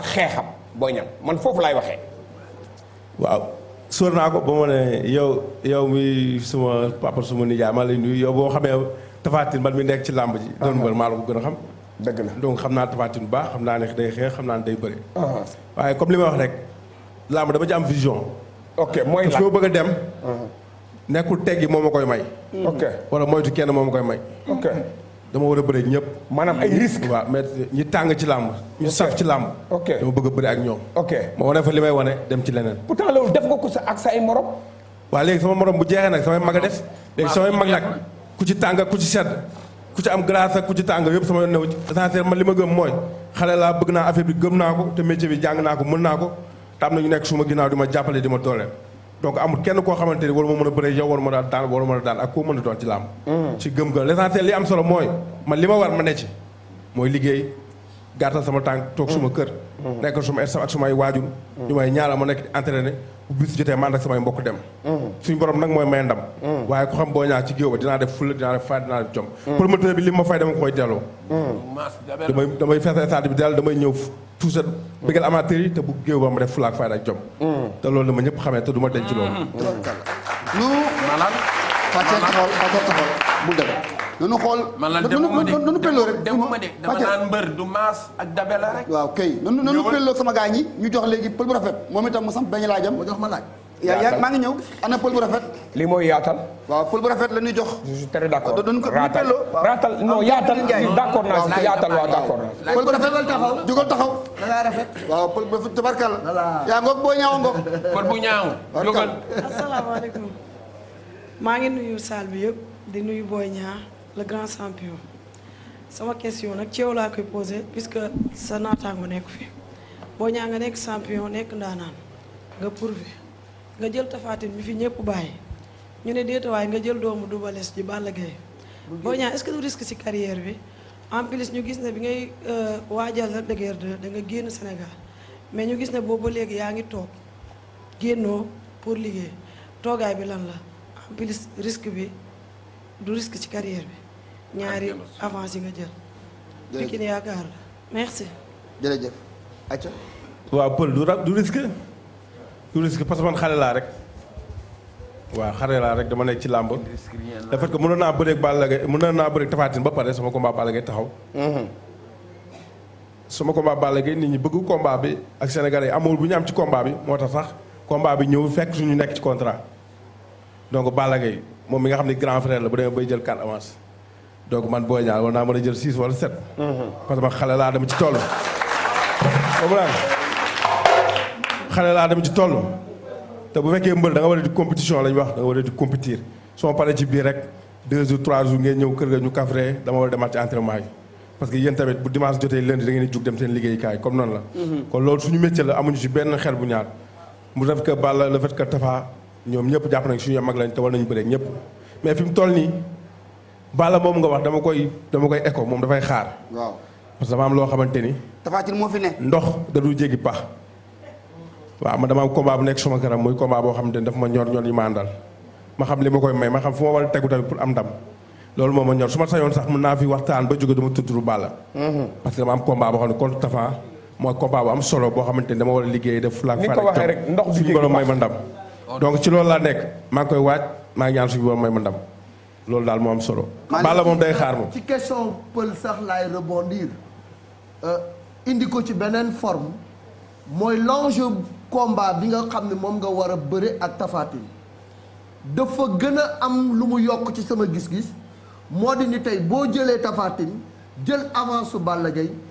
ak xeexam boo Niang man foofu laay waxe waaw sóor naa ko ba ma ne yow yow mi suma papa suma nijaay maa lay nuyu yow boo xamee tafaatin man mi nekk ci làmb ji. doon ah. mbër maa ko gën a xam. dëgg na donc xam naa tafaatin bu baax xam naa ne day xeex xam naa ne day bëri. Ah. waaye comme li ma wax rek làmb dama ci am vision. ok mooy la bëgg a dem. Ah. nekkul teggi moo ma koy may. ok wala moytu kenn moo ma koy may. dama war a bëree ñëpp. maanaam ay risque waa mais ñi tàng ci làmb. ñu saf ci làmb. ok dama bëgg a bëri ak ñoom. ok ma wane fa li may wane dem ci leneen. pourtant loolu def nga ko sa ak sa ay morom. waa léegi sama morom bu jeexee nag samay mag a des. léegi samay mag nag ku ci tàng ku ci sedd ku ci am grâce ak ku ci tàng yëpp sama yoon newu ci. ma man li ma gëm mooy xale laa bëgg naa affaire bi gëm naa ko te métier bi jàng naa ko mën naa ko te am ñu nekk suma ginnaaw di ma jàppale di ma dooleel donc amul kenn koo xamante ni war ma mën a bëree yow war ma daan war ma ak koo mën a doon ci làmb mm. ci gëm-gëm l'essentiel li am solo mooy ma li ma war ma ne ci mooy liggéey gàttal sama tànk toog suma kër nekkal suma instant ak sumay waajur ñu may ñaanal ma nekk entraîné bu bis jotee man ak samay mbokk dem suñu borom nag mooy may ndam waaye ku xam boo ñaar ci géew ba dinaa def fulla dinaa def fay dinaa def jom promoteur bi li ma fay dama koy delloo damay damay fees stade bi dell damay ñëw tout ça bëggal yi te bu géew ba ma def fulla ak fay ak jom te loolu la ma ñëpp xamee te du ma denc loolu mm. lu maanaam fàcceel taxawal fàcceel taxawal mu dem nanu xool man la demuma de demuma de dama naan mbër du maas ak dabe la rek. waaw kay nanu nanu pelloo sama gaañ ñu jox léegi pël bu rafet moom itam mu sam bañ laajam ma jox ma laaj. yaa yaa maa ngi ñëw ana pël bu rafet. li mooy yaatal. waaw pël bu rafet la ñuy jox. je suis très d' accord raatal raatal non yaatal d' accord naa si yaatal waaw d' accord naa pël bu rafet la taxaw jugal taxaw. da ngaa rafet. waaw pël bu rafet tabarkal. yaa ngoog boo ñaaw ngoog. pël bu ñaaw. jugal asalaamaaleykum. maa ngi nuyu saal bi yëpp di nuyu booy ñaa le grand champion sama question nag ci yow laa koy posé puisque sa naataango nekk fi boo ñaa nga nekk champion nekk ndaanaan nga pourvu nga jël tafaatin mi fi ñëpp bàyyi ñu ne déetawaay nga jël doomu Double Less ji Balla Gaye boo ñaa est-ce que du risque ci carrière bi en plus ñu gis ne bi ngay euh, waajal la dëgër de da génn Sénégal mais ñu gis ne boobu léegi yaa ngi toog génnoo pour liggéey toogaay bi lan la en plus risque bi du risque ci carrière bi ñaari avance yi nga jël. jërëjëf Pikine Pël du rab du risque. du man xale laa rek. waaw xale laa rek dama nekk ci làmb. le fait que mënoon naa bëreeg Balla Gaye mënoon naa bëreeg Tapha Tine ba pare sama combat Balla Gaye taxaw. Mhm. sama combat Balla Gaye nit ñi bëgg combat bi ak Sénégalais yi amul bu ñu am ci combat bi moo tax sax combat bi ñëw fekk suñu nekk ci contrat donc Balla Gaye moom mi nga xam ne grand frère la bu demee bay jël carte avance. donc man booy ñaar war naa mën a jël six wala sept. parce xale laa dem ci tool. boobu laa xale laa dem ci tool te bu fekkee mbër da nga war a di compétition lañ wax da nga war a di compétir soo paree ci biir rek deux jours trois jours ngeen ñëw kër ga ñu kafre dama war a demaat ci entraînement yi. parce que yéen tamit bu dimance jotee lundi da ngeen di jug dem seen liggéeykaay comme noonu la. kon loolu suñu métier la amuñu ci benn xel bu ñaar mu def que Balla le fait que Tafa ñoom ñëpp jàpp nañ suñu mag lañ te war nañu bëree ñëpp mais fi mu toll nii. baala moom nga wax dama koy dama koy écho moom dafay xaar. waaw parce que loo xamante ni. tafaatin moo fi ne. ndox da du jéggi pax. waaw man dama am combat bu nekk suma kanam boo xamante ni daf ma ñor ñor yi ma àndal ma xam may ma xam fu a tegu tamit pour am ndam loolu moom ma ñor su ma sañoon sax mën naa fi waxtaan ba jóge dama tudd Balla. Mhm. parce que dama am combat boo xam ne contre bu solo boo xamante ni dama war a liggéey def. fulaak faar ak rek ndox bi suñu borom may ma ndam. donc ci loolu laa nekk maa koy waaj maa ngi ñaan suñu borom may ma ndam. loolu daal moo am solo. Balla moom day xaar moom. ci question pël sax laay rebondir euh, indi ko ci beneen forme mooy l'enjeu combat bi nga xam ne moom nga war a bëre ak tafaatin dafa gën a am lu mu yokk ci sama gis-gis moo di ni tey boo jëlee tafaatin jël avance su Balla